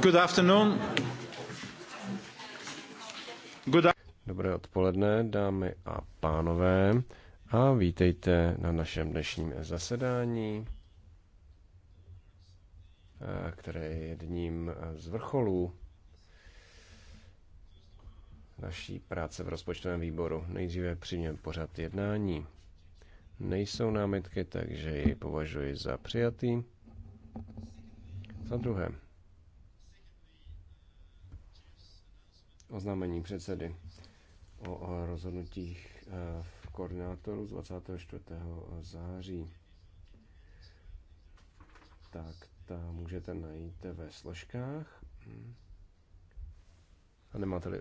Good afternoon. Good Dobré odpoledne, dámy a pánové, a vítejte na našem dnešním zasedání, eh, které je jedním z vrcholů naší práce v rozpočtovém výboru. Nejdříve přijměme pořad jednání. Nejsou námitky, takže ji považuji za přijatý. Za druhé, oznámení předsedy o rozhodnutích v eh, koordinátoru z 24. září. Tak ta můžete najít ve složkách. A nemáte-li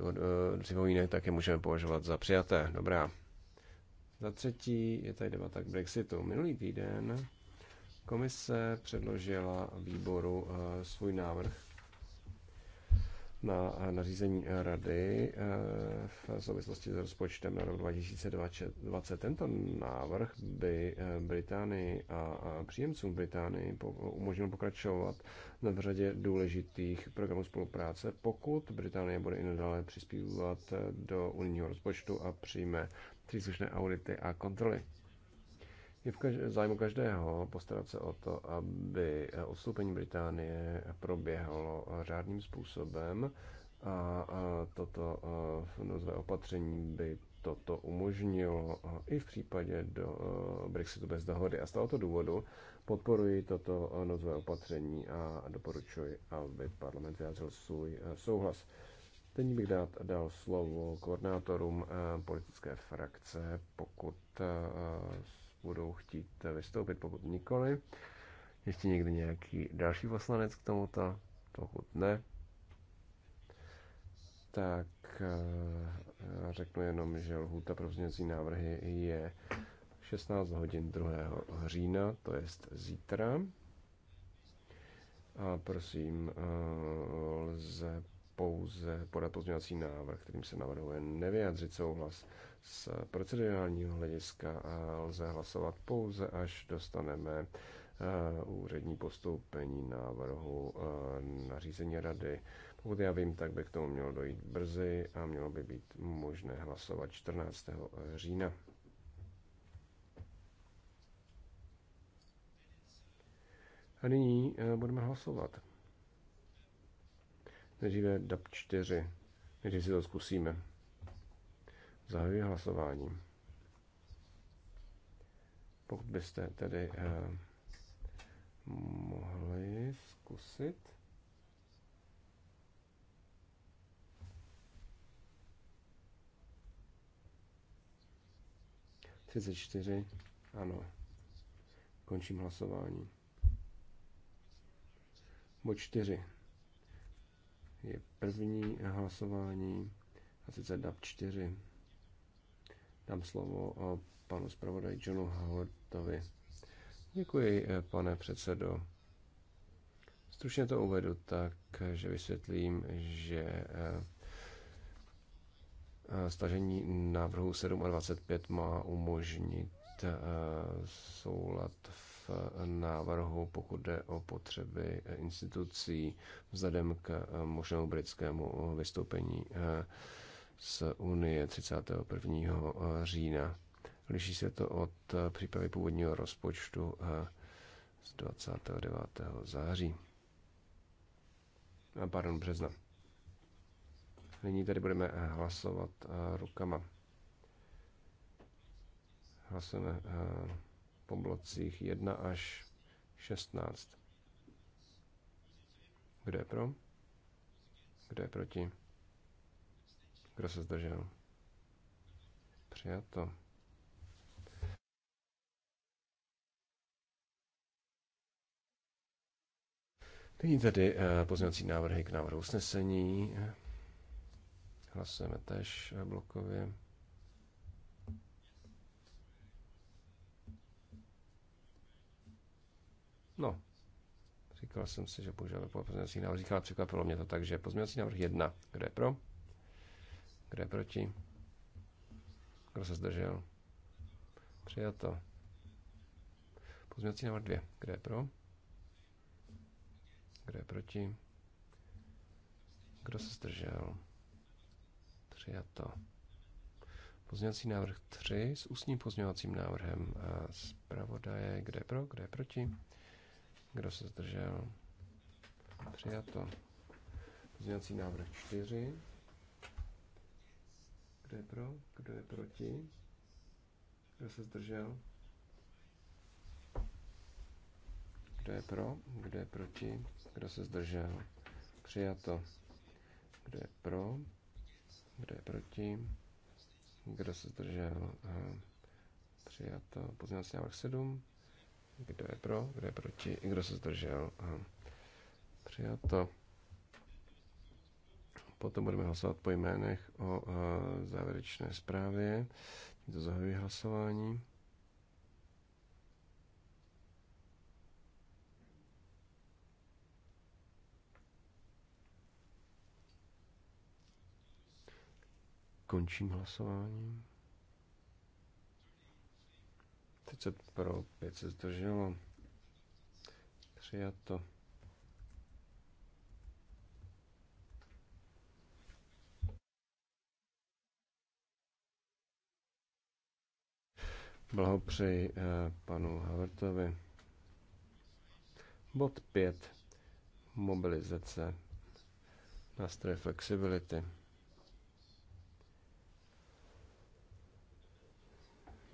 eh, připomínek, tak je můžeme považovat za přijaté. Dobrá. Za třetí je tady debata k Brexitu. Minulý týden komise předložila výboru eh, svůj návrh na eh, nařízení eh, Rady eh, v souvislosti s rozpočtem na rok 2020. Tento návrh by Británii a příjemcům Británii umožnil pokračovat na řadě důležitých programů spolupráce, pokud Británie bude i nadále přispívat do unijního rozpočtu a přijme příslušné audity a kontroly. Je v kaž- zájmu každého postarat se o to, aby odstoupení Británie proběhlo řádným způsobem a toto nové opatření by toto umožnilo i v případě do Brexitu bez dohody. A z tohoto důvodu podporuji toto nové opatření a doporučuji, aby parlament vyjádřil svůj souhlas. Teď bych dát, dal slovo koordinátorům politické frakce, pokud budou chtít vystoupit, pokud nikoli. Ještě někdy nějaký další poslanec k tomuto? Pokud ne, tak eh, řeknu jenom, že lhůta pro vzněcí návrhy je 16 hodin 2. října, to je zítra. A prosím, eh, lze pouze podat pozměňovací návrh, kterým se navrhuje nevyjádřit souhlas z procedurálního hlediska eh, lze hlasovat pouze, až dostaneme eh, úřední postoupení návrhu eh, nařízení rady. Pokud já vím, tak by k tomu mělo dojít brzy a mělo by být možné hlasovat 14. října. A nyní budeme hlasovat. Nejdříve DAP 4. Nejdřív si to zkusíme. Zahajuji hlasování. Pokud byste tedy eh, mohli zkusit. čtyři. Ano. Končím hlasování. Bod čtyři je první hlasování, a sice DAP 4 dám slovo eh, panu zpravodaj Johnu Howardovi. Děkuji, eh, pane předsedo. Stručně to uvedu tak, že vysvětlím, že eh, stažení návrhu 7 má umožnit soulad v návrhu, pokud jde o potřeby institucí vzhledem k možnému britskému vystoupení z Unie 31. Eh, října. Liší se to od eh, přípravy původního rozpočtu eh, z 29. září. A pardon, března. Nyní tady budeme hlasovat rukama. Hlasujeme po blocích 1 až 16. Kdo je pro? Kdo je proti? Kdo se zdržel? Přijato. Nyní tedy eh, pozměňovací návrhy k návrhu usnesení. Hlasujeme tež eh, blokově. No, říkal jsem si, že požádal po pozměňovací návrh. Říkal, překvapilo mě to tak, že pozměňovací návrh 1. Kdo je pro? Kdo je proti? Kdo se zdržel? Přijato. Pozměňovací návrh 2. Kdo je pro? Kdo je proti? Kdo se zdržel? Přijato. Pozměňovací návrh 3 s ústním pozměňovacím návrhem a eh, zpravodaje, Kdo je pro, Kdo je proti, kdo se zdržel, přijato. Pozměňovací návrh 4 kdo je pro? Kdo je proti? Kdo se zdržel? Kdo je pro? Kdo je proti? Kdo se zdržel? Přijato. Kdo je pro? Kdo je proti? Kdo se zdržel? Eh, přijato. si návrh 7. Kdo je pro? Kdo je proti? Kdo se zdržel? Eh, přijato. Potom budeme hlasovat po jménech o e, závěrečné zprávě. Tímto zahajuji hlasování. Končím hlasování. 30 pro, 5 se zdrželo. Přijato. Blahopřeji eh, panu Havertovi. Bod 5. Mobilizace. Nástroje flexibility.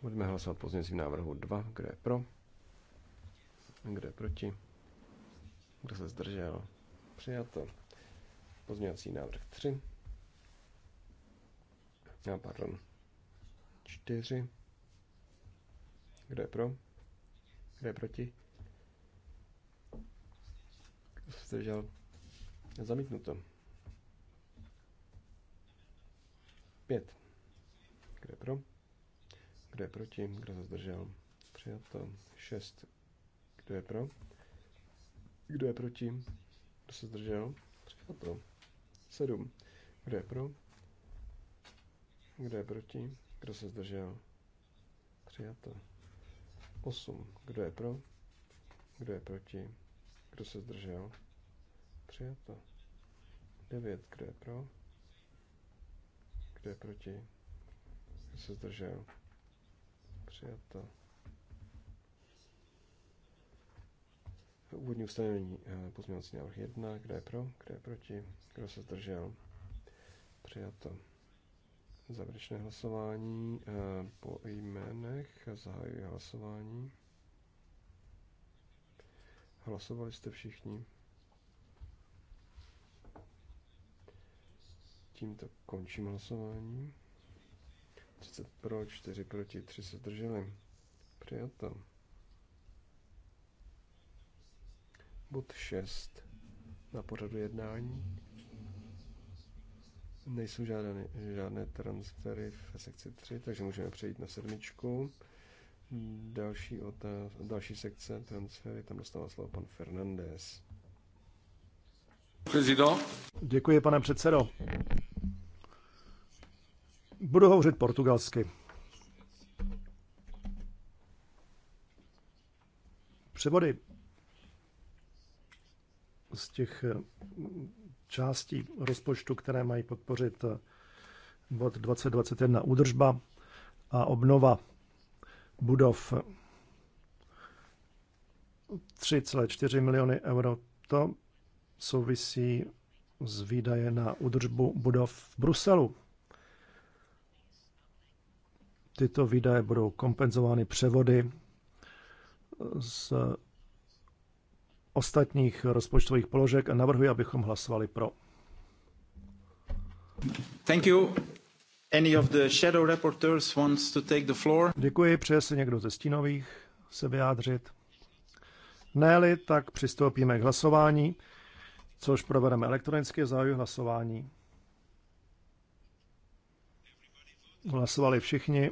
Budeme hlasovat pozměňovacím návrhu 2. Kdo je pro? Kdo je proti? Kdo se zdržel? Přijato. Pozměňovací návrh 3. A pardon. 4. Kdo je pro? Kdo je proti? Kdo se zdržel? Zamítnuto. Pět. Kdo je pro? Kdo je proti? Kdo se zdržel? Přijato. Šest. Kdo je pro? Kdo je proti? Kdo se zdržel? Přijato. Sedm. Kdo je pro? Kdo je proti? Kdo se zdržel? Přijato. 8. Kdo je pro? Kdo je proti? Kdo se zdržel? Přijato. 9. Kdo je pro? Kdo je proti? Kdo se zdržel? Přijato. Úvodní ustanovení eh, pozměňovací návrh 1. Kdo je pro? Kdo je proti? Kdo se zdržel? Přijato. Závěrečné hlasování eh, po jménech. Zahajuji hlasování. Hlasovali jste všichni. Tímto končím hlasování. 30 pro, 4 proti, 3 se drželi. Přijato. Bod 6 na pořadu jednání Nejsou žádné, žádné transfery v sekci 3, takže můžeme přejít na sedmičku. Další, otáz, další sekce transfery, tam dostává slovo pan Fernandez. Prezident. Děkuji, pane předsedo. Budu hovořit portugalsky. Převody z těch částí rozpočtu, které mají podpořit eh, bod 2021 údržba a obnova budov 3,4 miliony euro. To souvisí z výdaje na údržbu budov v Bruselu. Tyto výdaje budou kompenzovány převody z ostatních rozpočtových položek a navrhuji, abychom hlasovali pro. Thank you. Any of the shadow reporters wants to take the floor? Děkuji, přeje se někdo ze stínových se vyjádřit. ne tak přistoupíme k hlasování, což provedeme elektronicky zájmu hlasování. Hlasovali všichni.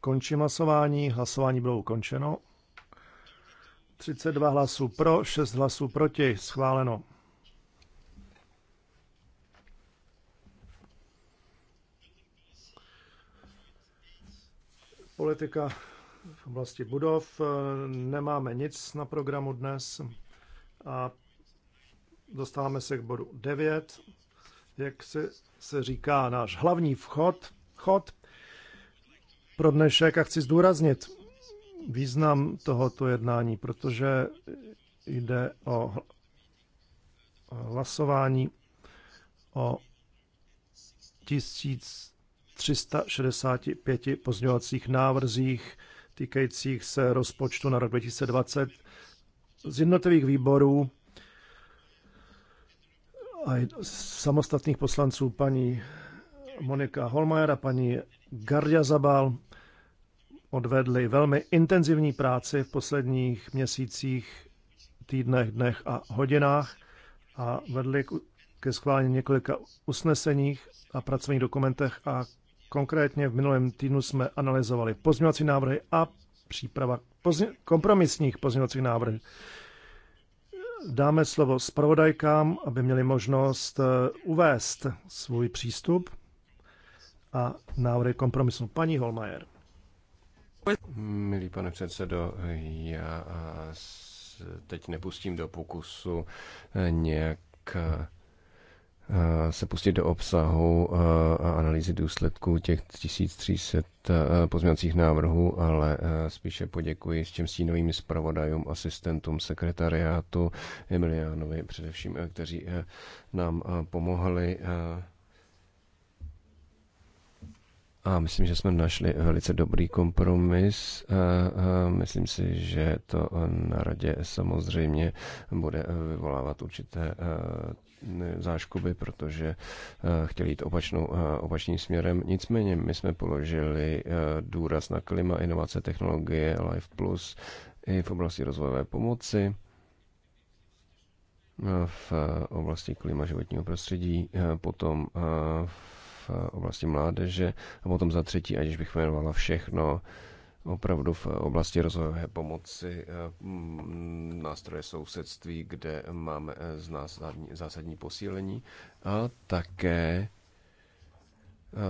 Končím hlasování. Hlasování bylo ukončeno. 32 hlasů pro, 6 hlasů proti. Schváleno. Politika v oblasti budov. Nemáme nic na programu dnes a dostáváme se k bodu 9. Jak se, se říká náš hlavní vchod, chod pro dnešek a chci zdůraznit, význam tohoto jednání, protože jde o hlasování o 1365 pozměňovacích návrzích týkajících se rozpočtu na rok 2020 z jednotlivých výborů a samostatných poslanců paní Monika Holmajera, a paní Gardia Zabal odvedli velmi intenzivní práci v posledních měsících, týdnech, dnech a hodinách a vedli ke schválení několika usneseních a pracovních dokumentech a konkrétně v minulém týdnu jsme analyzovali pozměňovací návrhy a příprava pozně, kompromisních pozměňovacích návrhů. Dáme slovo zpravodajkám, aby měli možnost eh, uvést svůj přístup a návrhy kompromisu. Paní Holmajer. Milý pane předsedo, já teď nepustím do pokusu nějak eh, se pustit do obsahu eh, a analýzy důsledků těch 1300 eh, pozměňovacích návrhů, ale spíše poděkuji s těm stínovým zpravodajům, asistentům sekretariátu Emiliánovi především, kteří nám pomohli a myslím, že jsme našli velice dobrý kompromis. Myslím si, že to na radě samozřejmě bude vyvolávat určité záškuby, protože chtěli jít opačnou, opačným směrem. Nicméně my jsme položili důraz na klima, inovace, technologie, Life Plus i v oblasti rozvojové pomoci v oblasti klima životního prostředí, potom v Eh, oblasti mládeže a potom za třetí, aniž bych jmenovala všechno, opravdu v eh, oblasti rozvojové pomoci eh, mm, nástroje sousedství, kde máme z nás zásadní posílení a také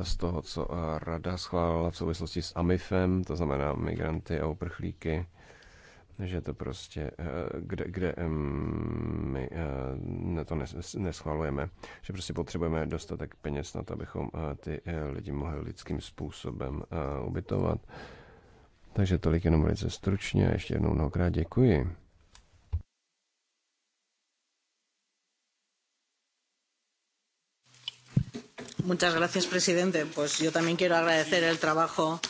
z toho, co Rada schválila v souvislosti s AMIFem, to znamená migranty a uprchlíky, že to prostě, eh, kde, kde my eh, to neschvalujeme, že prostě potřebujeme dostatek peněz na to, abychom eh, ty lidi mohli lidským způsobem ubytovat. Takže tolik jenom velice stručně a ještě jednou mnohokrát děkuji. Muchas gracias, presidente. Pues yo también quiero agradecer el trabajo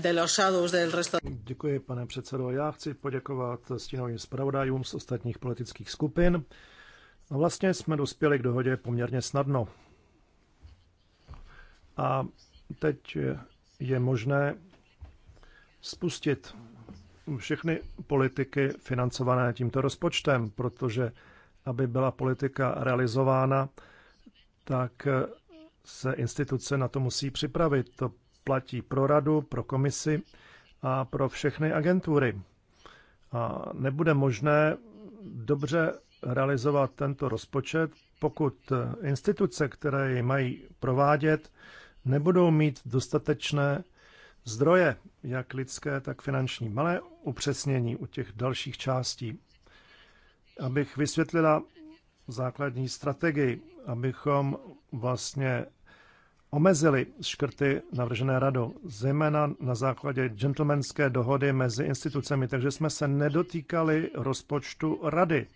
de los SADUS del resto. Děkuji, pane předsedo. Já chci poděkovat stínovým zpravodajům z ostatních politických skupin. A vlastně jsme dospěli k dohodě poměrně snadno. A teď je možné spustit všechny politiky financované tímto rozpočtem, protože aby byla politika realizována, tak se instituce na to musí připravit. To platí pro radu, pro komisi a pro všechny agentury. A nebude možné dobře realizovat tento rozpočet, pokud instituce, které ji mají provádět, nebudou mít dostatečné zdroje, jak lidské, tak finanční. Malé upřesnění u těch dalších částí. Abych vysvětlila základní strategii, abychom vlastně omezili škrty navržené radou, zejména na základě gentlemanské dohody mezi institucemi, takže jsme se nedotýkali rozpočtu rady.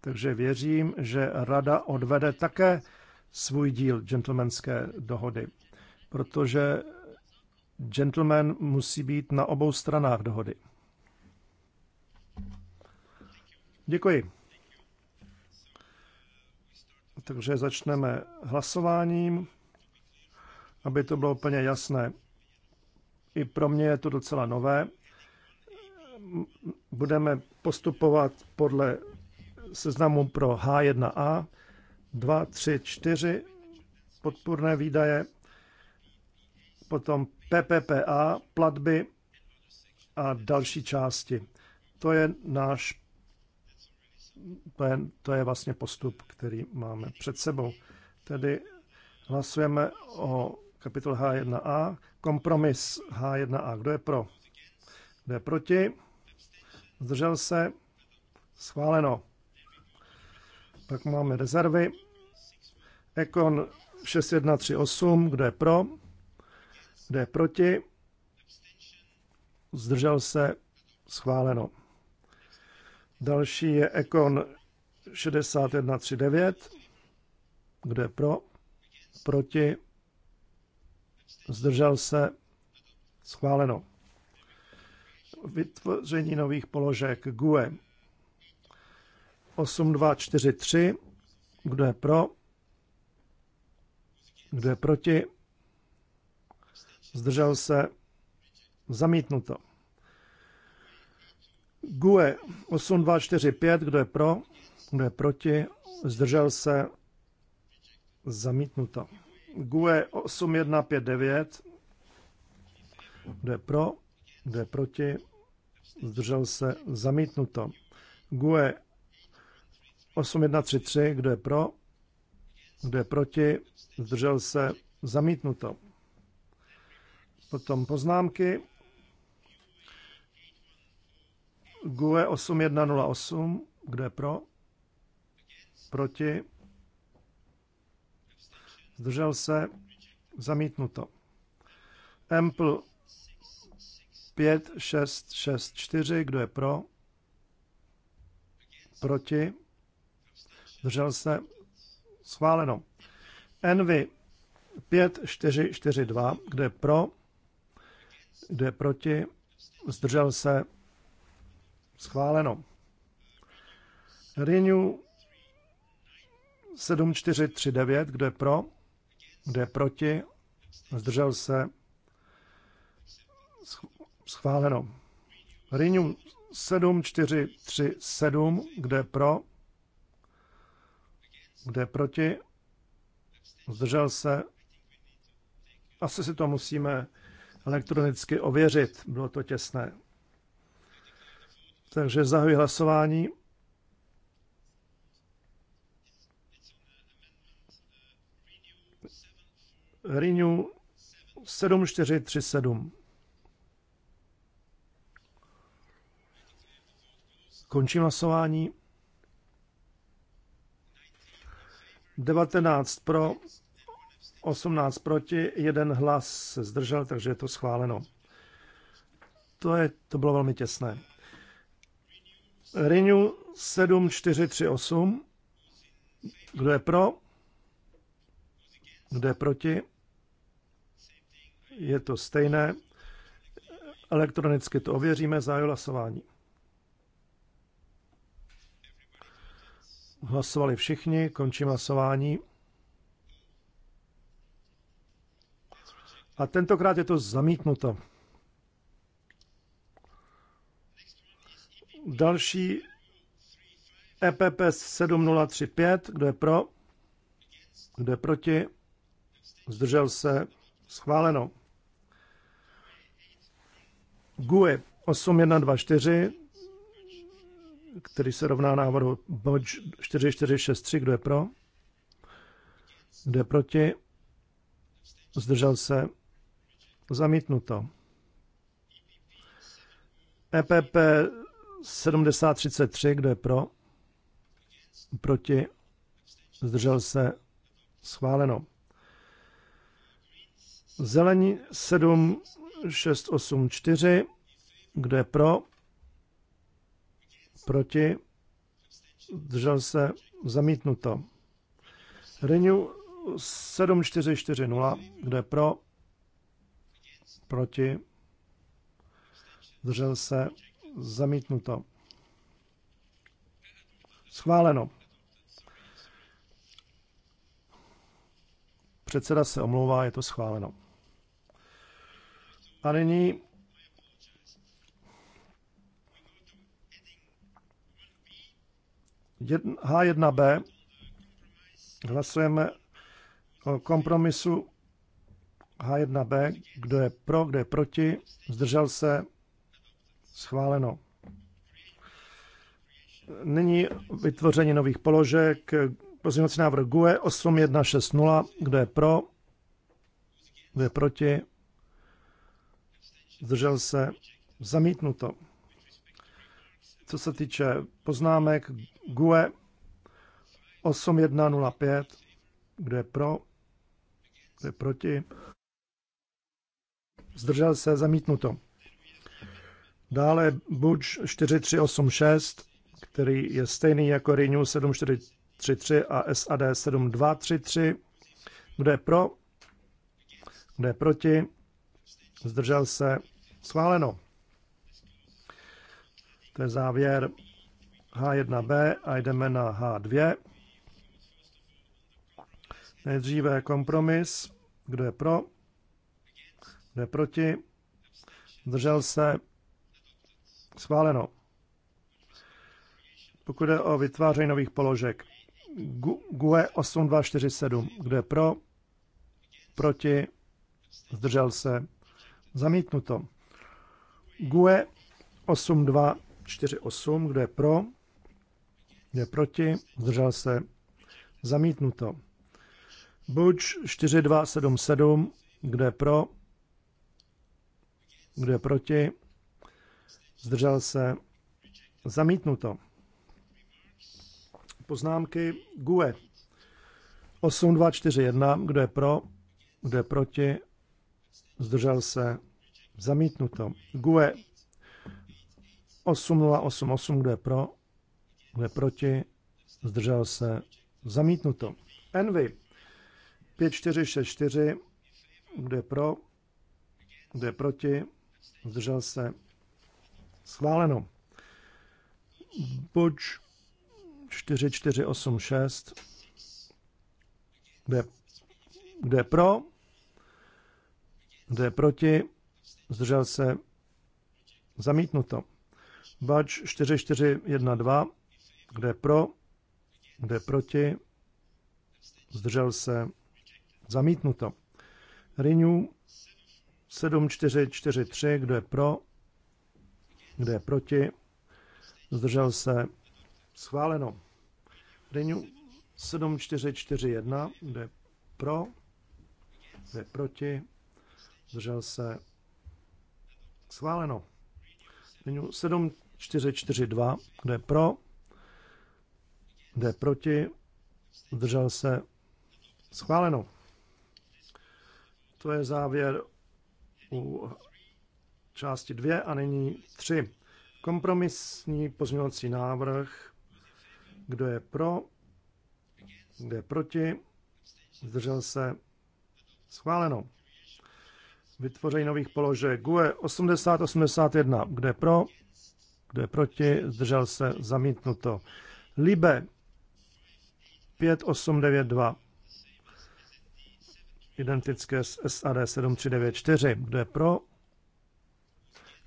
Takže věřím, že rada odvede také svůj díl gentlemanské dohody, protože gentleman musí být na obou stranách dohody. Děkuji. Takže začneme hlasováním aby to bylo úplně jasné. I pro mě je to docela nové. Budeme postupovat podle seznamu pro H1A 2, 3, 4 podpůrné výdaje, potom PPPA, platby a další části. To je náš to je, to je vlastně postup, který máme před sebou. Tedy hlasujeme o kapitol H1A, kompromis H1A. Kdo je pro? Kdo je proti? Zdržel se? Schváleno. Pak máme rezervy. Ekon 6138, kdo je pro? Kdo je proti? Zdržel se? Schváleno. Další je Ekon 6139. Kdo je pro? Proti? zdržel se, schváleno. Vytvoření nových položek GUE 8243, kdo je pro, kdo je proti, zdržel se, zamítnuto. GUE 8245, kdo je pro, kdo je proti, zdržel se, zamítnuto. GUE 8159. Kdo je pro? Kdo je proti? Zdržel se zamítnuto. GUE 8133. Kdo je pro? Kdo je proti? Zdržel se zamítnuto. Potom poznámky. GUE 8108. Kdo je pro? Proti? zdržel se, zamítnuto. Ample 5664 kdo je pro, proti, zdržel se, schváleno. Envy 5442 kdo je pro, kdo je proti, zdržel se, schváleno. Renew 7439, kdo je pro, kdo je proti? Zdržel se? Schváleno. Renew 7437, kde pro, kde proti, zdržel se. Asi si to musíme elektronicky ověřit, bylo to těsné. Takže zahajuji hlasování. Renew 7437. Končím hlasování. 19 pro, 18 proti, jeden hlas se zdržel, takže je to schváleno. To, je, to bylo velmi těsné. Renew 7438. Kdo je pro? Kdo je proti? je to stejné. Elektronicky to ověříme za hlasování. Hlasovali všichni, končím hlasování. A tentokrát je to zamítnuto. Další EPP 7035, kdo je pro, kdo je proti, zdržel se, schváleno. GUI 8124, který se rovná návrhu BOČ 4463, kdo je pro? Kdo je proti? Zdržel se? Zamítnuto. EPP 7033, kdo je pro? Proti? Zdržel se? Schváleno. Zelení 7 684. Kdo je pro? Proti? Držel se zamítnuto. Renew 7440. Kdo je pro? Proti? Držel se zamítnuto. Schváleno. Předseda se omlouvá, je to schváleno. A nyní H1B hlasujeme o kompromisu H1B, kdo je pro, kdo je proti, zdržel se, schváleno. Nyní vytvoření nových položek, pozměňovací návrh GUE 8160, kdo je pro, kdo je proti, zdržel se, zamítnuto. Co se týče poznámek GUE 8105, kdo je pro, kdo je proti, zdržel se, zamítnuto. Dále Buč 4386, který je stejný jako Renew 7433 a SAD 7233. Kdo je pro? Kdo je proti? Zdržel se? Schváleno. To je závěr H1B a jdeme na H2. Nejdříve kompromis. Kdo je pro? Kdo je proti? Držel se? Schváleno. Pokud jde o vytváření nových položek, GUE 8247. Kdo je pro? Proti? Zdržel se? Zamítnuto. GUE 8248, kdo je pro, kdo je proti, zdržel se, zamítnuto. Buč 4277, kdo je pro, kdo je proti, zdržel se, zamítnuto. Poznámky GUE 8241, kdo je pro, kdo je proti, zdržel se, Zamítnuto. GUE 8088, kdo je pro, kdo je proti, zdržel se. Zamítnuto. Envy 5464, kdo je pro, kdo je proti, zdržel se. Schváleno. Buď 4486, kde, kde je pro, kde je proti, zdržel se, zamítnuto. Bač 4412, kde je pro, kde je proti, zdržel se, zamítnuto. Renew 7443, kdo je pro, kdo je proti, zdržel se, schváleno. Renew 7441, kdo je pro, kdo je proti, zdržel se, Schváleno. Nyní 7442, kde pro, kde proti, držel se. Schváleno. To je závěr u části 2 a nyní 3. Kompromisní pozměňovací návrh. Kdo je pro? Kdo je proti? Zdržel se? Schváleno vytvoření nových položek. GUE 8081, kde pro, kde proti, zdržel se, zamítnuto. LIBE 5892, identické s SAD 7394, kde pro,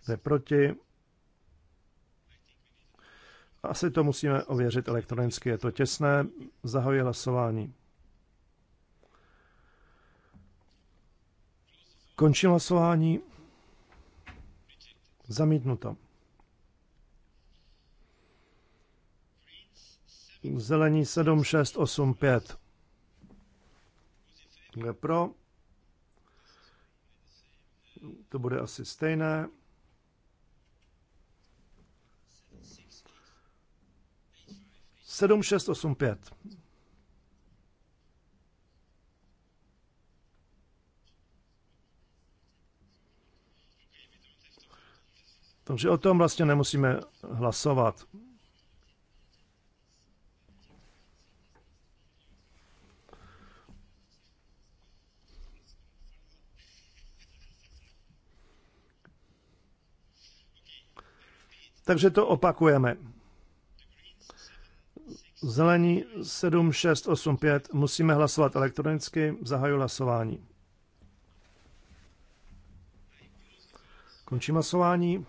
kde proti. Asi to musíme ověřit elektronicky, je to těsné. Zahajuji hlasování. Končím hlasování. Zamítnuto. Zelení 7, 6, 8, 5. Kde pro? To bude asi stejné. Sedm, šest, osm, pět. Takže o tom vlastně nemusíme hlasovat. Takže to opakujeme. Zelení 7685 musíme hlasovat elektronicky, zahaju hlasování. Končím hlasování.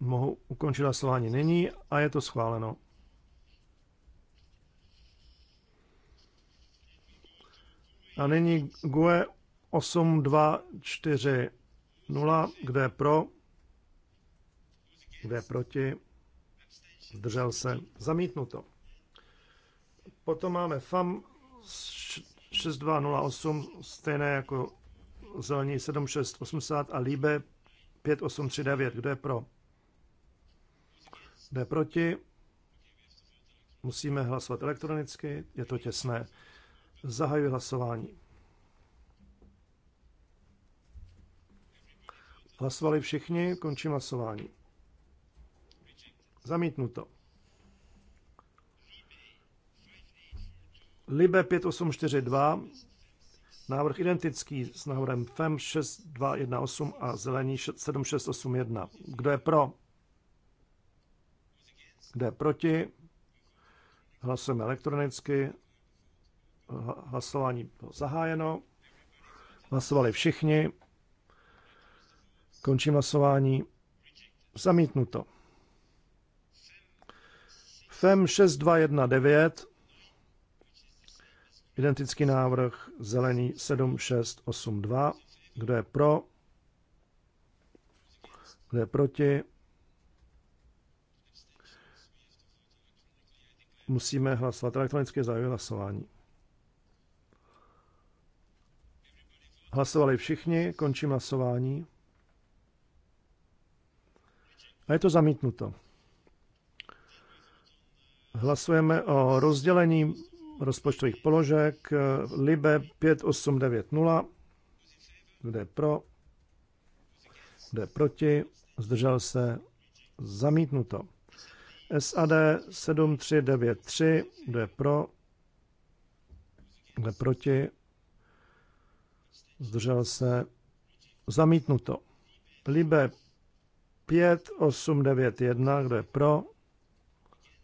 Mohu ukončit hlasování nyní a je to schváleno. A nyní GUE 8240, kde je pro, kde je proti, zdržel se, zamítnuto. Potom máme FAM 6208, stejné jako zelení 7680 a LIBE 5839, kde je pro? Jde proti. Musíme hlasovat elektronicky, je to těsné. Zahajuji hlasování. Hlasovali všichni, končím hlasování. Zamítnuto. Libe 5842, návrh identický s návrhem FEM 6218 a zelení 7681. Kdo je pro? jde proti. Hlasujeme elektronicky. Hlasování bylo zahájeno. Hlasovali všichni. Končím hlasování. Zamítnuto. FEM 6219 Identický návrh zelený 7682. Kdo je pro? Kdo je proti? musíme hlasovat elektronické zájmy hlasování. Hlasovali všichni, končím hlasování. A je to zamítnuto. Hlasujeme o rozdělení rozpočtových položek LIBE 5890. Kde pro? Kde proti? Zdržel se? Zamítnuto. SAD 7393, kdo je pro, kdo je proti, zdržel se, zamítnuto. Libe 5891, kdo je pro,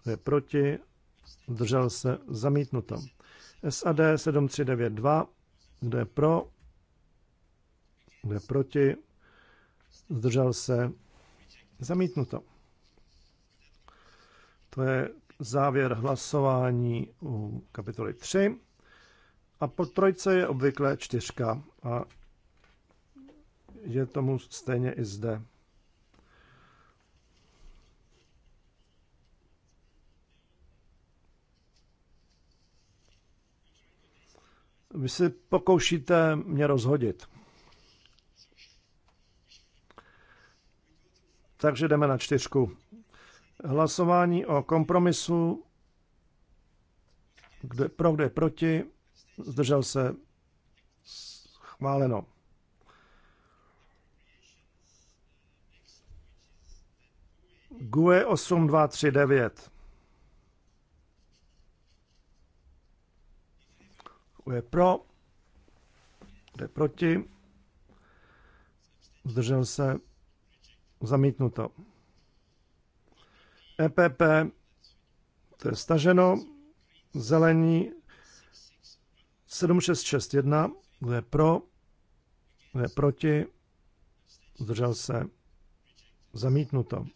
kdo je proti, zdržel se, zamítnuto. SAD 7392, kdo je pro, kdo je proti, zdržel se, zamítnuto. To je závěr hlasování u kapitoly 3. A po trojce je obvykle čtyřka a je tomu stejně i zde. Vy si pokoušíte mě rozhodit. Takže jdeme na čtyřku. Hlasování o kompromisu, kde pro, kde proti, zdržel se schváleno. GUE 8239. je pro, je proti, zdržel se, zamítnuto. EPP, to je staženo, zelení 7661, kdo je pro, kdo je proti, zdržel se, zamítnuto.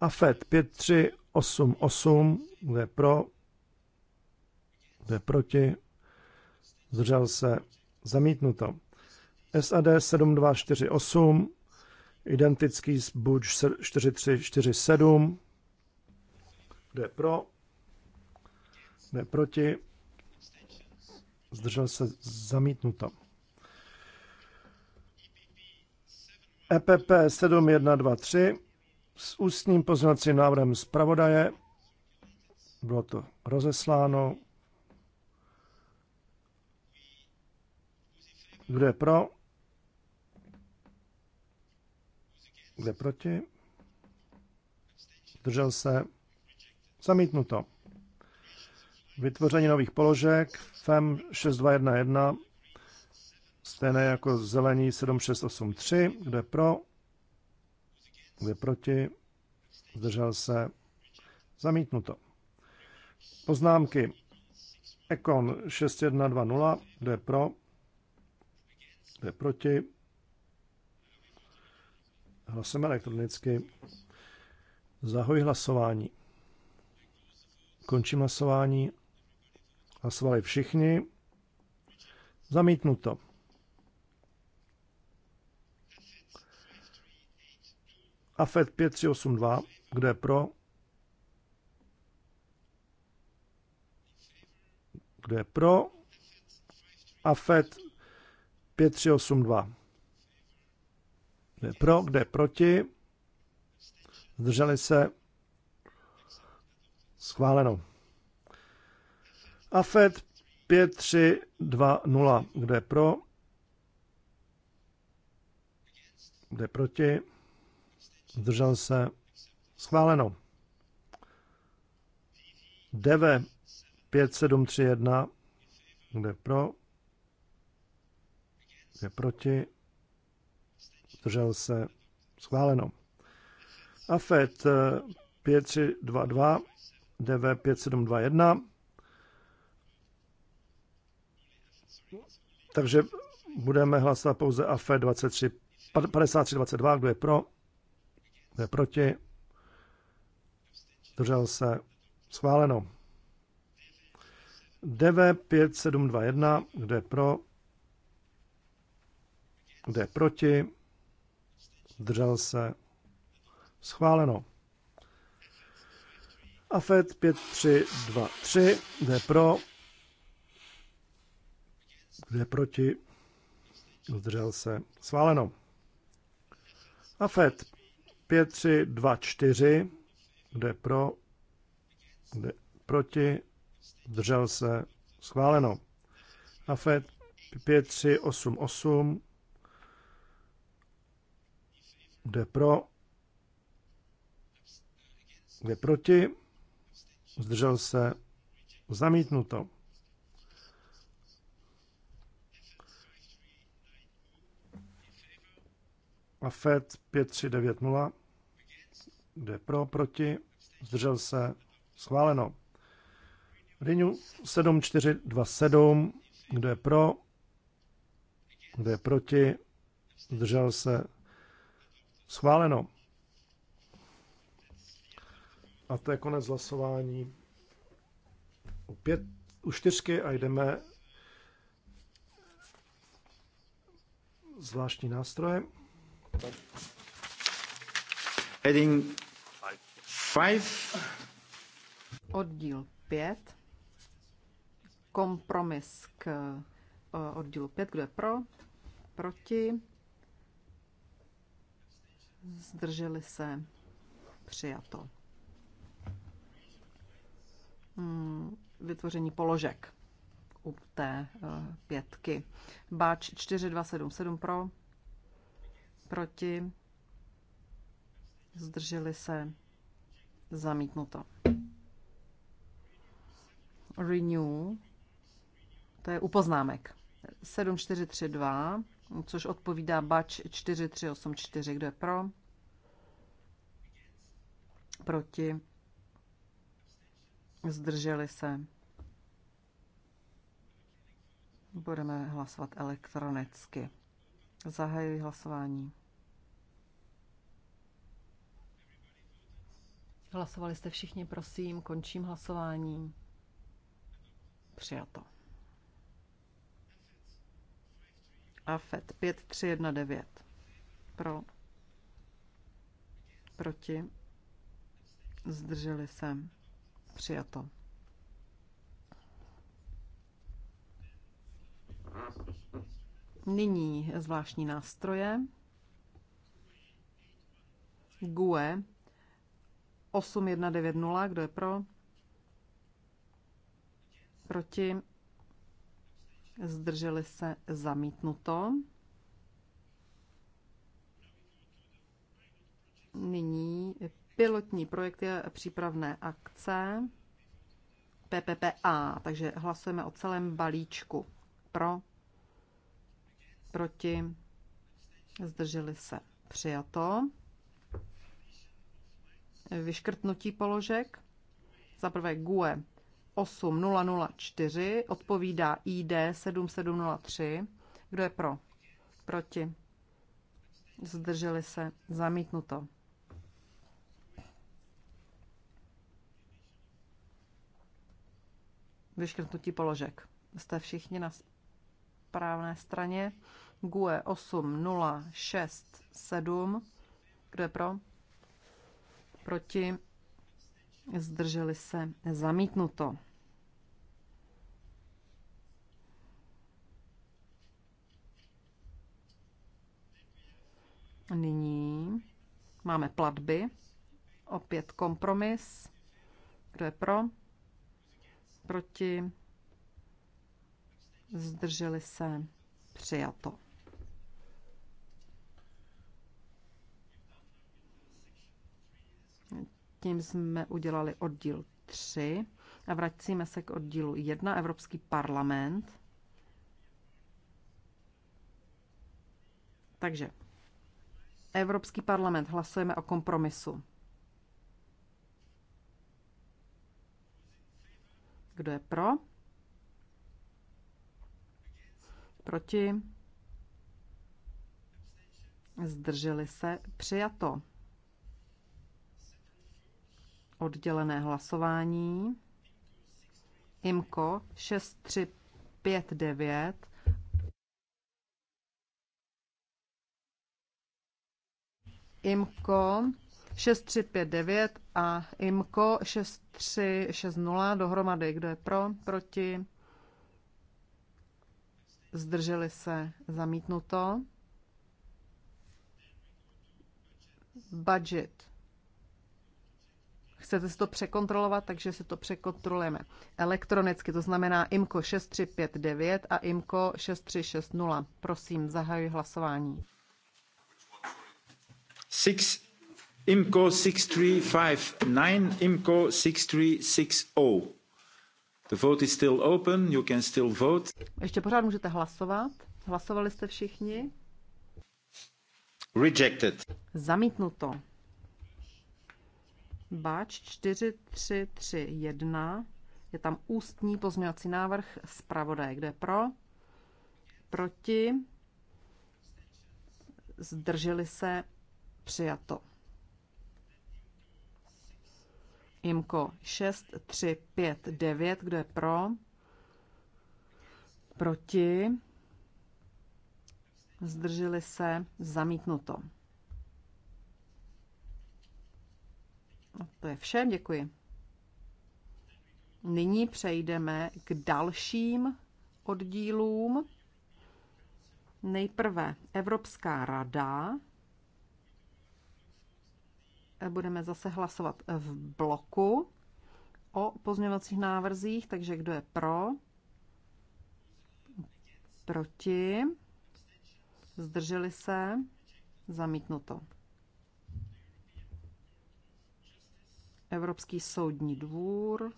A FED 5388, kdo je pro, kdo je proti, zdržel se, zamítnuto. SAD 7248, identický s BUČ 4347, kdo je pro? Kdo je proti? Zdržel se zamítnuto. EPP 7123 s ústním pozvacím návrhem zpravodaje. Bylo to rozesláno. Kdo je pro? Kdo je proti? Držel se. Zamítnuto. Vytvoření nových položek FEM 6211 stejné jako zelení 7683, kde pro, kde proti, zdržel se, zamítnuto. Poznámky ECON 6120, kde pro, kde proti, hlasujeme elektronicky, zahoj hlasování. Končím hlasování. Hlasovali všichni. Zamítnuto. AFED 5382, kde je pro? Kde je pro? AFED 5382. Kde je pro, kde je proti? Zdrželi se Schváleno. AFED 5320. Kdo je pro? Kdo je proti? Zdržel se. Schváleno. DV 5731. Kdo je pro? Kdo je proti? Zdržel se. Schváleno. AFED 5322. DV 5721. Takže budeme hlasovat pouze AFE 23, 5322, kdo je pro, kdo je proti. Držel se. Schváleno. DV 5721, kdo je pro, kdo je proti. Držel se. Schváleno. AFED 5323, kde pro, kde proti, zdržel se, schváleno. AFED 5324, kde pro, kde proti, zdržel se, schváleno. AFED 5388, kde pro, kde proti, zdržel se, zamítnuto. A FED 5390, kde pro, proti, zdržel se, schváleno. Rinu 7427, kde pro, kde proti, zdržel se, schváleno. A to je konec hlasování. U, pět, u čtyřky a jdeme zvláštní nástroje. Heading 5. Oddíl 5. Kompromis k eh, oddílu 5. Kdo je pro? Proti? Zdrželi se? Přijato. Mm, vytvoření položek u té eh, pětky. Báč 4277 pro, proti, zdrželi se, zamítnuto. Renew, to je upoznámek. 7432, což odpovídá bač 4384, kdo je pro? Proti, Zdrželi se. Budeme hlasovat elektronicky. Zahajuji hlasování. Hlasovali jste všichni, prosím, končím hlasování. Přijato. AFET 5319. Pro. Proti. Zdrželi se. Přijato. Nyní zvláštní nástroje. GUE 8190, kdo je pro? Proti? Zdrželi se zamítnuto. Nyní pilotní projekty a přípravné akce PPPA, takže hlasujeme o celém balíčku pro, proti, zdrželi se přijato. Vyškrtnutí položek. Za prvé GUE 8004 odpovídá ID 7703. Kdo je pro? Proti? Zdrželi se? Zamítnuto. vyškrtnutí položek. Jste všichni na správné straně. GUE 8067. Kdo je pro? Proti? Zdrželi se zamítnuto. Nyní máme platby. Opět kompromis. Kdo je pro? proti, zdrželi se, přijato. Tím jsme udělali oddíl 3 a vracíme se k oddílu 1 Evropský parlament. Takže Evropský parlament hlasujeme o kompromisu. Kdo je pro? Proti? Zdrželi se? Přijato. Oddělené hlasování. IMKO 6359 IMKO 6359 a IMCO 6360 dohromady. Kdo je pro, proti? Zdrželi se zamítnuto. Budget. Chcete si to překontrolovat, takže si to překontrolujeme elektronicky, to znamená IMCO 6359 a IMCO 6360. Prosím, zahajuji hlasování. IMCO 6359, IMCO 6360. The vote is still open, you can still vote. Ještě pořád můžete hlasovat. Hlasovali jste všichni? Rejected. Zamítnuto. Báč 4331. Je tam ústní pozměňovací návrh zpravodaje. Kdo je pro? Proti? Zdrželi se? Přijato. Imko 6359, Kdo je pro? Proti? Zdrželi se? Zamítnuto. A no, to je vše, děkuji. Nyní přejdeme k dalším oddílům. Nejprve Evropská rada, budeme zase hlasovat v bloku o pozměňovacích návrzích, takže kdo je pro? Proti? Zdrželi se? Zamítnuto. Evropský soudní dvůr.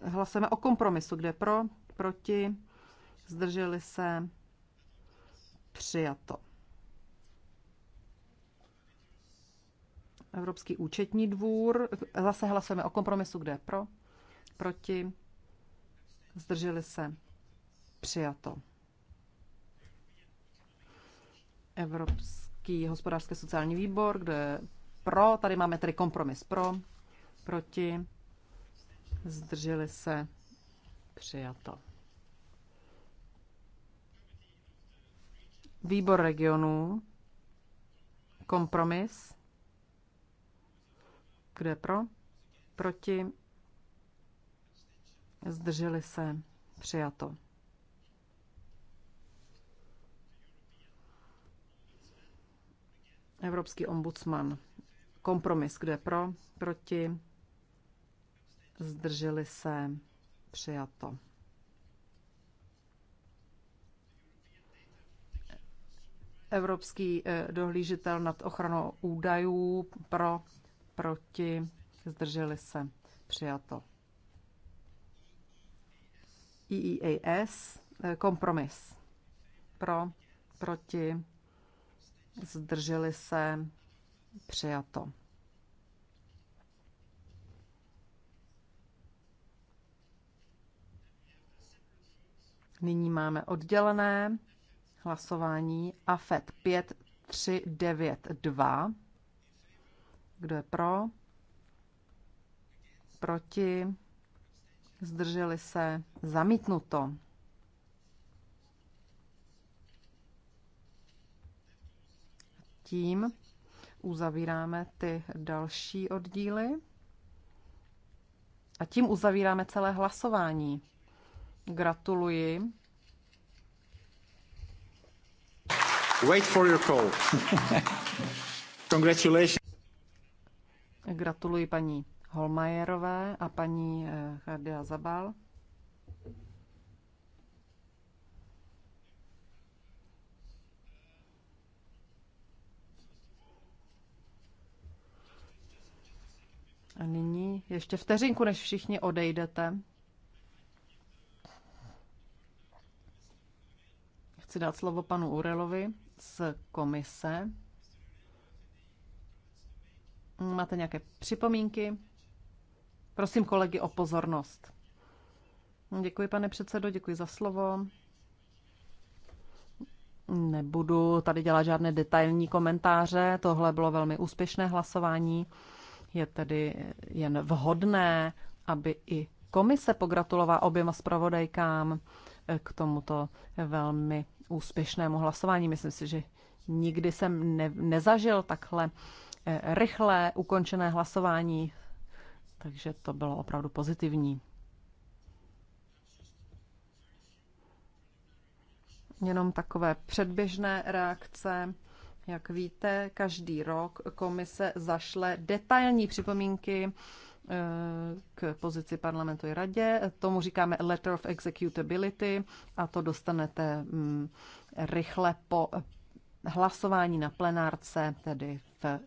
Hlasujeme o kompromisu, kde pro, proti, zdrželi se, přijato. Evropský účetní dvůr. Zase hlasujeme o kompromisu, kde je pro, proti, zdrželi se, přijato. Evropský hospodářský sociální výbor, kde je pro, tady máme tedy kompromis pro, proti, zdrželi se, přijato. Výbor regionů, kompromis, kdo je pro? Proti? Zdrželi se? Přijato. Evropský ombudsman. Kompromis, kdo je pro? Proti? Zdrželi se? Přijato. Evropský eh, dohlížitel nad ochranou údajů pro proti, zdrželi se, přijato. EEAS, eh, kompromis. Pro, proti, zdrželi se, přijato. Nyní máme oddělené hlasování AFET 5392. Kdo je pro? Proti? Zdrželi se? Zamítnuto. Tím uzavíráme ty další oddíly. A tím uzavíráme celé hlasování. Gratuluji. Wait for your call. Congratulations. Gratuluji paní Holmajerové a paní Hardia eh, Zabal. A nyní ještě vteřinku, než všichni odejdete. Chci dát slovo panu Urelovi z komise. Máte nějaké připomínky? Prosím kolegy o pozornost. Děkuji, pane předsedo, děkuji za slovo. Nebudu tady dělat žádné detailní komentáře. Tohle bylo velmi úspěšné hlasování. Je tedy jen vhodné, aby i komise pogratulovala oběma zpravodajkám k tomuto velmi úspěšnému hlasování. Myslím si, že nikdy jsem ne, nezažil takhle Eh, rychlé ukončené hlasování, takže to bylo opravdu pozitivní. Jenom takové předběžné reakce. Jak víte, každý rok komise zašle detailní připomínky eh, k pozici parlamentu i radě. Tomu říkáme letter of executability a to dostanete mm, rychle po hlasování na plenárce, tedy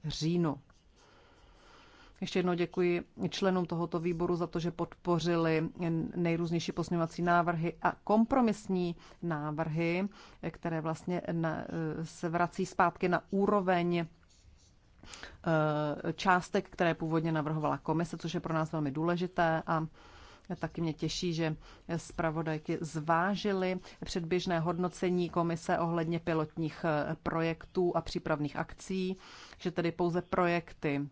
říjnu. Ještě jednou děkuji členům tohoto výboru za to, že podpořili nejrůznější posměvací návrhy a kompromisní návrhy, které vlastně na, se vrací zpátky na úroveň eh, částek, které původně navrhovala komise, což je pro nás velmi důležité a Taky mě těší, že zpravodajky zvážily předběžné hodnocení komise ohledně pilotních eh, projektů a přípravných akcí, že tedy pouze projekty,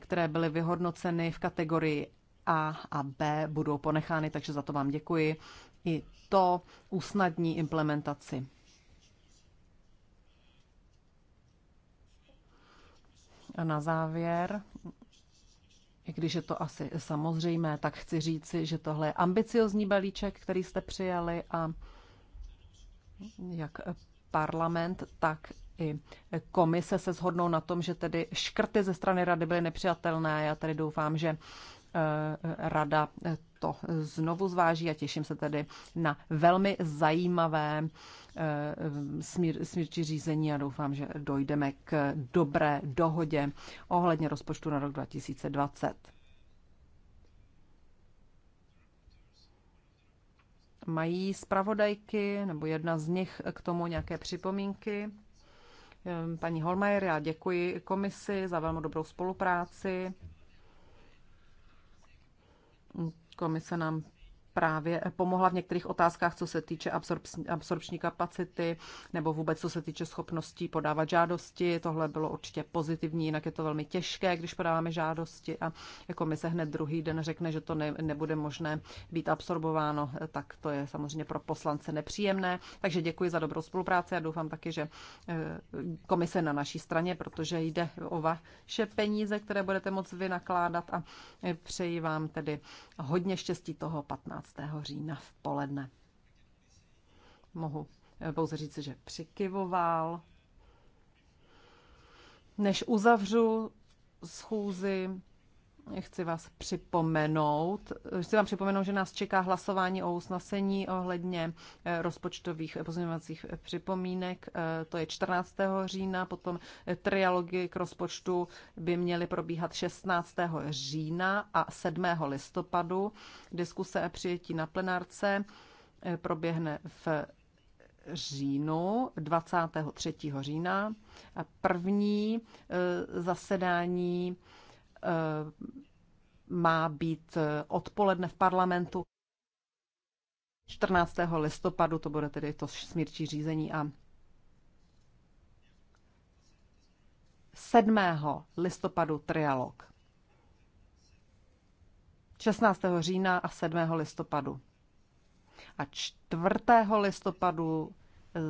které byly vyhodnoceny v kategorii A a B, budou ponechány, takže za to vám děkuji. I to usnadní implementaci. A na závěr když je to asi samozřejmé, tak chci říci, že tohle je ambiciozní balíček, který jste přijali a jak parlament, tak i komise se shodnou na tom, že tedy škrty ze strany rady byly nepřijatelné. Já tedy doufám, že eh, rada to znovu zváží a těším se tedy na velmi zajímavé eh, smír, smírčí řízení a doufám, že dojdeme k dobré dohodě ohledně rozpočtu na rok 2020. Mají zpravodajky nebo jedna z nich k tomu nějaké připomínky? Ehm, paní Holmajer, já děkuji komisi za velmi dobrou spolupráci se nám právě pomohla v některých otázkách, co se týče absorpční kapacity nebo vůbec co se týče schopností podávat žádosti. Tohle bylo určitě pozitivní, jinak je to velmi těžké, když podáváme žádosti a komise jako hned druhý den řekne, že to ne, nebude možné být absorbováno, tak to je samozřejmě pro poslance nepříjemné. Takže děkuji za dobrou spolupráci a doufám taky, že eh, komise na naší straně, protože jde o vaše peníze, které budete moc vynakládat a eh, přeji vám tedy hodně štěstí toho 15. 15. října v poledne. Mohu pouze říct, že přikyvoval. Než uzavřu schůzi, Chci vás připomenout, chci vám připomenout, že nás čeká hlasování o usnesení ohledně eh, rozpočtových eh, pozměňovacích eh, připomínek. To je 14. října, potom trialogy k rozpočtu by měly probíhat 16. října a 7. listopadu. Diskuse a přijetí na plenárce proběhne v říjnu, 23. října. A první zasedání Eh, má být eh, odpoledne v parlamentu. 14. listopadu to bude tedy to smírčí řízení a 7. listopadu trialog. 16. října a 7. listopadu. A 4. listopadu eh,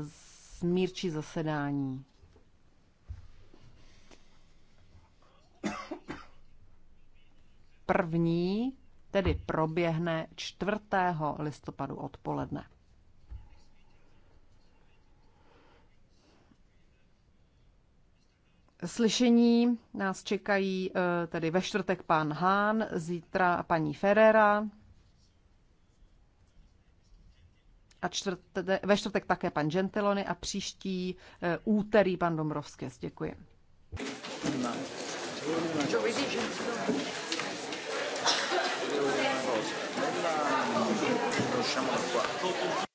smírčí zasedání. První tedy proběhne 4. listopadu odpoledne. Slyšení nás čekají eh, tedy ve čtvrtek pán Hán, zítra paní Ferrera a čtvrte, ve čtvrtek také pan Gentilony a příští eh, úterý pan Domrovský. Děkuji non riusciamo ad attuare.